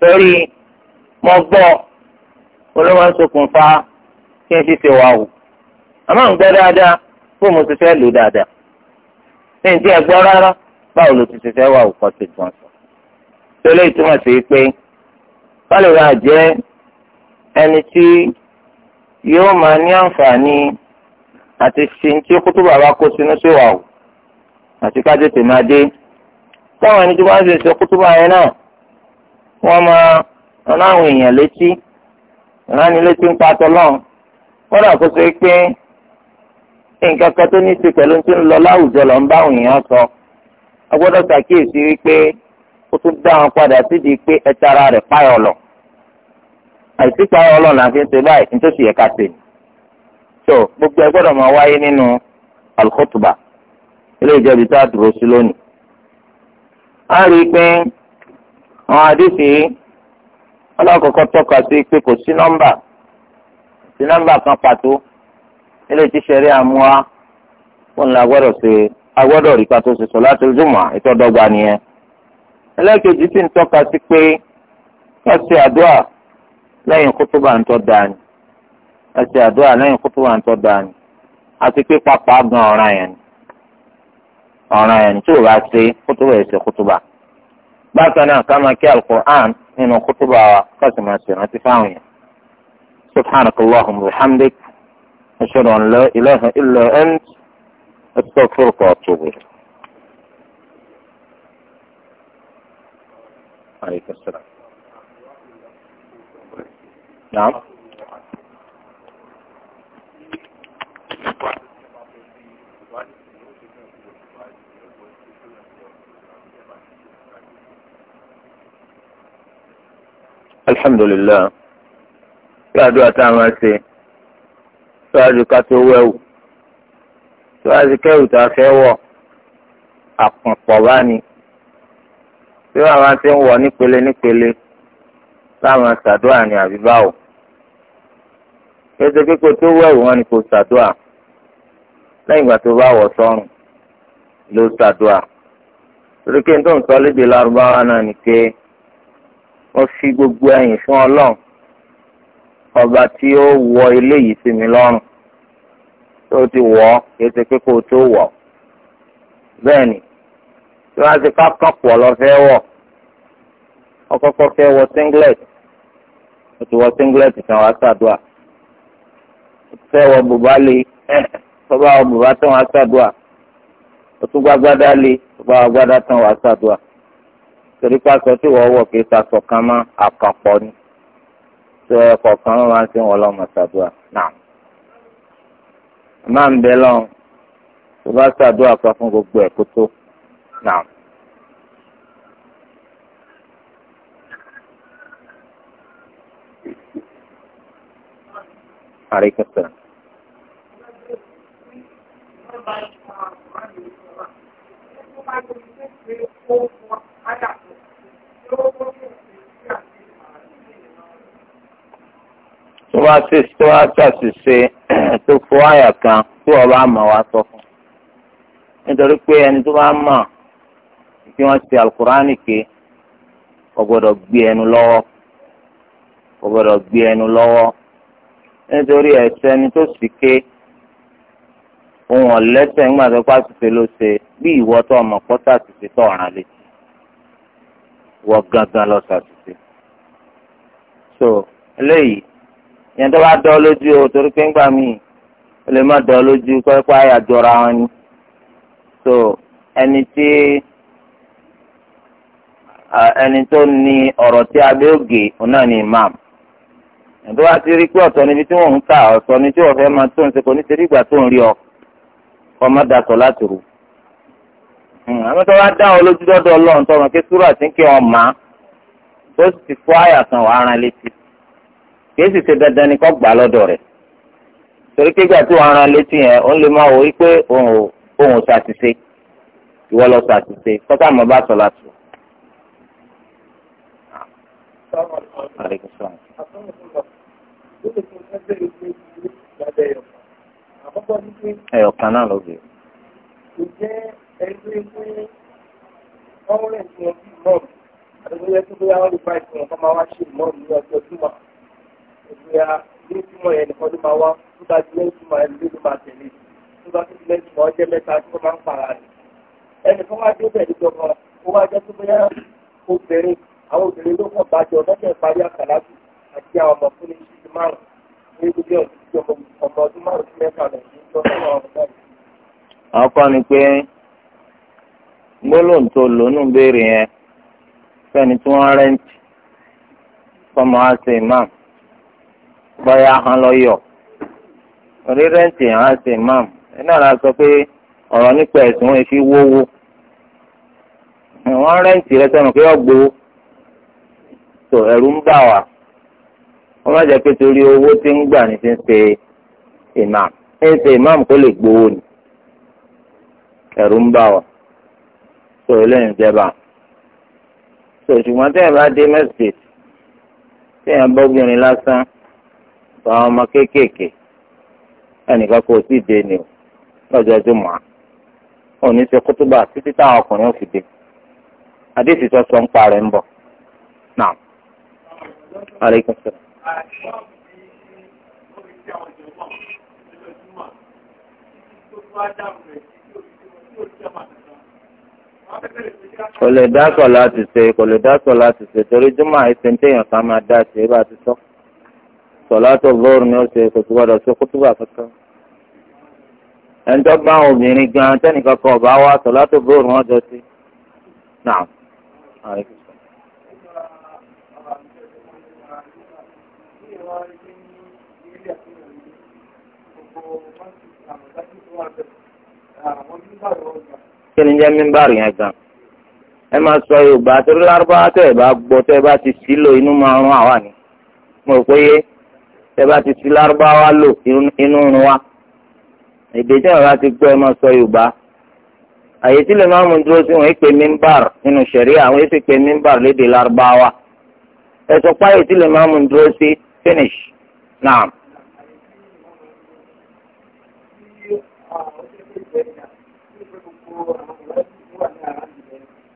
torí mo gbọ́ olówó ń ṣokùnfà kí n fi ṣe wà wò àmọ́ ń gbọ́ dáadáa bó mo ti fẹ́ lò dáadáa ní ìdí ẹgbọ́ rárá báwo ló ti ti fẹ́ wà òkọ́ ti gbọ́n sọ. tẹ́lẹ̀ ìtumọ̀ sí pé kọ́lẹ̀rà jẹ́ ẹni tí yóò máa ní àǹfààní àti sin tí kútú bàbá kó sínú sí wà o àti ká tètè táwọn ẹni tí wọ́n ṣe ṣe kútú báyẹn náà wọ́n máa rán àwọn èèyàn létí ránni létí ń pa tọ́lọ́ọ̀ wọ́n dà kó sọ pé nǹkan kan tó ní í ṣe pẹ̀lú tí ń lọ láwùjọ lọ ń bá òyìnbó sọ a gbọ́dọ̀ ṣàkíyèsí wípé ó tún dá wọn padà sídìí pé ẹ tara rẹ̀ páyọ̀ lọ àìsí páyọ̀ lọ là ń ṣe báyìí nítorí sì ká ṣe so gbogbo ẹ gbọ́dọ̀ máa wáyé nínú alkhutuba ilé ìjọba tá a dúró sí lónìí a rí i pé àwọn àdìsí ọlọ́kọ̀ọ́kọ́ tọ́ka sí pé kò sí nọ́mbà sí nọ́mbà kan pàtó ilé tí sẹ́rí àmúwá wọn ni agbọ́dọ̀ ṣe agbọ́dọ̀ rí pàtó ṣe solatul jumu'a ìtọ́dọ́gba nìyẹn. ẹlẹ́kejì sì ń tọ́ka sí pé wọ́n ṣe àdúrà lẹ́yìn kútúbà ń tọ́ da ni wọ́n ṣe àdúrà lẹ́yìn kútúbà ń tọ́ da ni àti pé pápá gan ọ̀ràn yẹn ni ọ̀ràn yẹn ni tí ò bá ṣe kútúbà yẹn ṣe kútúbà. bákan náà ká máa kí al-Qur'an nínú kútúbà wa kọ́sì máa ṣèrántí fáwọn yẹn. subhanakallahumma wa bihamdik أشهد أن لا إله إلا أنت أستغفرك وأتوب إليك عليك السلام نعم الحمد لله لا دعاء تعمل فيه síwájú ká tó wẹ̀wù síwájú kẹ́wù tá a fẹ́ wọ̀ àpọ̀pọ̀ bá ní bí wàá máa ti ń wọ̀ nípele nípele láwọn ṣàdúrà ní àbíbáwò kéde pípé tó wẹ̀wù wọn ni kò ṣàdúrà lẹ́yìn ìgbà tó bá wọ̀ sọ́run ló ṣàdúrà torí kí n tó ń sọ lédè lárúbáwá náà ni pé wọ́n fi gbogbo ẹ̀yìn fún ọlọ́run ọba tí ó wọ ilé yìí sí mi lọ́rùn tó ti wọ̀ ọ́ kì í ṣe pé kó o tó wọ̀ bẹ́ẹ̀ ni tí wọ́n á ti ká kọ̀pọ̀ lọ fẹ́ wọ̀ ọkọ̀kọ̀ fẹ́ wọ singlet o ti wọ singlet kan wá ṣàdúà fẹ́ wọ bùbá le [coughs] tọ́ba wọ bùbá tán wá ṣàdúà o tún gbàgbádá le tọ́ba wọ gbàdá tán wá ṣàdúà torí pàṣẹ tí wọ́n wọ̀ kì í ṣàṣọ mọ́ àkànpọ̀ ni tó ẹ kọ̀ọ̀kan ló máa ń sìn wọ́n lọ́mọ ṣàdúrà náà. máa ń bẹ lọ́n tó bá ṣàdúrà pa fún gbogbo ẹ̀ kó tó náà. Aleykum salaam. wá sí tó wá ṣàṣìṣe [clears throat] tó fọ àyà kan tí wọ́n bá mọ̀ wá sọ fún nítorí pé ẹni tó bá mọ̀ tí wọ́n ṣe alukurani ké kò gbọ́dọ̀ gbé ẹnu lọ́wọ́ kò gbọ́dọ̀ gbé ẹnu lọ́wọ́ nítorí ẹ̀ṣẹ̀ ni tó sì ké ohun ọ̀lẹ́sẹ̀ ńgbà tó pa ṣiṣẹ́ ló ṣe bí ìwọ tó ọmọ pọ́tà ṣiṣẹ́ tó ọ̀ràn létí wọ gangan lọ ṣàṣìṣe so eléyìí yẹn tó bá dọ́ lójú o torí pé ńgbà míì o lè má dọ́ lójú pẹ́pẹ́ àyàjọra wọn ni so ẹni tí ẹni tó ní ọ̀rọ̀ tí abẹ́ ògè òun náà ni imam ẹni tó bá ti rí pé ọ̀tọ̀ níbi tí wọ́n ń kà ọ̀tọ̀ ni tí wọ́n fẹ́ máa tó ń ṣe kò ní ṣe rí ìgbà tó ń rí ọ kọ́ má dàtọ̀ láti rù hmm, àmọ́ tó bá dá ọ lójú dọ́dọ̀ ọlọ́run tó ọmọ kí súrà tí kí wọn mà tó sì ti fọ́ àyà kìí sì ṣe dandan ni kó gbà lọ́dọ̀ rẹ̀ torí kéjà tí wọ́n ran létí yẹn ó lè máa wò ó pé òun ò ṣàṣìṣe ìwọ lọ ṣàṣìṣe kọ́tà mọ́ bá sọ láti. ẹ̀yọ̀ náà ló bẹ̀rẹ̀. ǹjẹ́ ẹgbẹ́ pé ọ̀rẹ́ ìṣòro bíi mọ́ọ̀mù àti bóyá tó bóyá wọ́n lè bá ìṣòro kan máa wá ṣe mọ́ọ̀mù ní ọjọ́ júmọ́ ìyá ní túmọ̀ yẹn nìkan ló máa wá tó bá ti lẹ́yìn túmọ̀ ẹni ló máa tẹ̀lé tó bá ti lẹ́yìn túmọ̀ ọjọ́ mẹ́ta tó máa ń para rẹ̀ ẹnì kan wá dé bẹ̀rẹ̀ jọba ó wá jẹ́ tó bóyá obìnrin àwọn obìnrin ló kàn bàjẹ́ ọ̀dọ́kẹ́ parí àkàlàbù àti àwọn ọmọ fún iṣẹ́ márùn ní gbogbo ọmọ ọdún márùn sí mẹ́ta lọ sí ọkọ ni pé gbólóhùn tó lónú béèrè yẹn fẹ́ni tí wọ́n rẹ́ǹtì fọmọ àṣẹ ìmáàmù bọ́yá hàn lọ́yọ̀ orí rẹ́ǹtì hàn sí imam iná la sọ pé ọ̀rọ̀ nípa ẹ̀sùn wọn fi wówó wọ́n rẹ́ǹtì rẹ sẹ́nu pé ọ̀gbọ́ tó ẹ̀rù ń bà wá wọ́n má jẹ́ pé torí owó tí ń gbà ní ti ń ṣe imam ń ṣe imam kó lè gbowó ni ẹ̀rù ń bà wá tó eléyìí jẹba tó ṣùgbọ́n tẹ́yìn bá dé mẹ́sìtì tẹ́yìn bá obìnrin lásán tàwọn ọmọ kéékèèké ẹnìkan kò sí dé ni o lọ́jọ́ jùmọ̀ à òní ṣe kútúbà títí táwọn ọkùnrin ò fi dé àdéhùn tó sọ ń parẹ́ ń bọ̀ náà. aleykum salaam. kò lè dá sọ̀ láti ṣe kò lè dá sọ̀ láti ṣe torí jùmọ̀ àìsèǹtẹ̀yàn kan máa dá ṣe é bá ti sọ. So sọ̀látò lóòrùn ni ó ṣe kò tó gbọdọ̀ ṣe kútúbà kankan. ẹnjọ́ bá àwọn obìnrin gan tẹ́nìkan kan ọ̀bá wa sọ̀látò lóòrùn ọjọ́ sí. náà ni jẹ́ mímbàrì yẹn gan ẹ máa sọ yorùbá torí lárúbáwá tẹ̀ bá gbọ́ tẹ́ bá ti sílò inú máa rún àwa ni mo rò pé yé tẹ́bá ti fi lárúbáwá lò inú rún wa èdè tí àwọn ti gbọ́ ẹ máa sọ yorùbá àyè tí lè máa mú dúró sí wọn èpè mímbàr nínú sẹ̀rí àwọn èsì pè mímbàr lédè lárúbáwá ẹ̀sùn páyè tí lè máa mú dúró sí finish naam.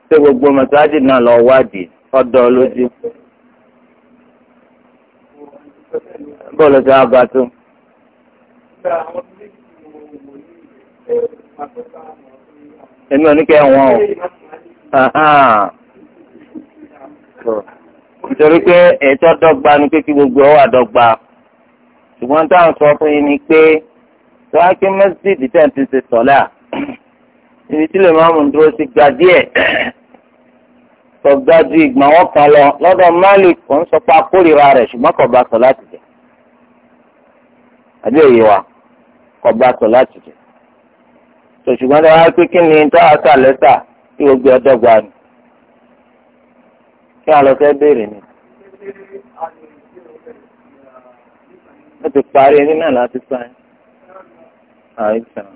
ṣé gbogbo mọ̀sáájì náà lọ wádìí ọ̀dọ́ lójú bọ́ọ̀lù tí wọ́n ga tó. èmi ò ní kẹ́ wọn o. nítorí pé ètò dọ́gba ni pé kí gbogbo ọwọ́ àdọ́gba ṣùgbọ́n táwọn sọ fún yín ni pé tọ́wákí mẹ́sídìí tẹ̀ ti ṣe sọ́lá ibi tí lè máa mú dúró sí ga díẹ̀ tọ́gbájú ìgbà wọn kan lọ lọ́dọ̀ Malik kò ń sọ pé akórira rẹ̀ ṣùgbọ́n kò bá sọ láti jẹ́. àbí òye wa kọ bá sọ láti jẹ tòṣùgbọ́n tó wá pé kí ni táwa sà lẹ́sà tí gbogbo ọdọ́ gba ni kí wọn lọ fẹ́ béèrè ni. wọ́n ti parí ẹni náà láti sáyẹn. àìsàn.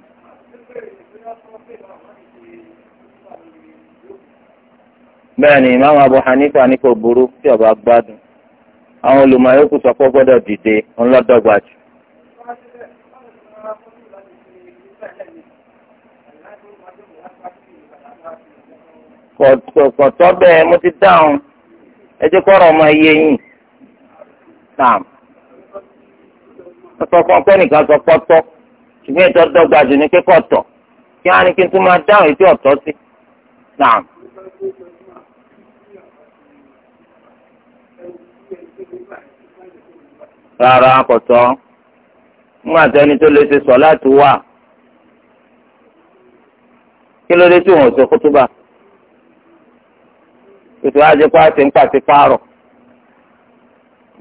bẹ́ẹ̀ ni ìmáàmù Abu Hanifa ní kò burú tí ọba gbádùn àwọn olùmọ̀ yòókù sọ pé gbọ́dọ̀ dìde ńlọ́dọ̀gba jù. pọ̀tọ́ bẹ́ẹ̀ mo ti dáhùn ẹ jẹ́ kọ́rọ̀ ọmọ iye yìí tàm. sọ fún ọpẹ́ nìkan sọ pọ́tọ́ ṣùgbọ́n ìtọ́ dọ́gba jù ní kíkọ́ tọ̀ kí wọ́n á ní kí n tún máa dáhùn ètò ọ̀tọ́ sí tàm. rárá akọ̀tọ́ mú àtẹni tó lè ṣe sọ láti wà kí ló dé tí òun ò ṣe kótóbà ètò àjẹpá ti ń pàṣẹ pààrọ̀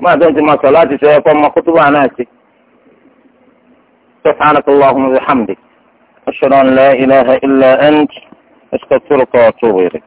máa tó ń ti máa sọ láti sọ ẹ̀kọ́ ọmọ kótóbà náà ṣe سبحانك اللهم وبحمدك أشهد أن لا إله إلا أنت أستغفرك وأتوب إليك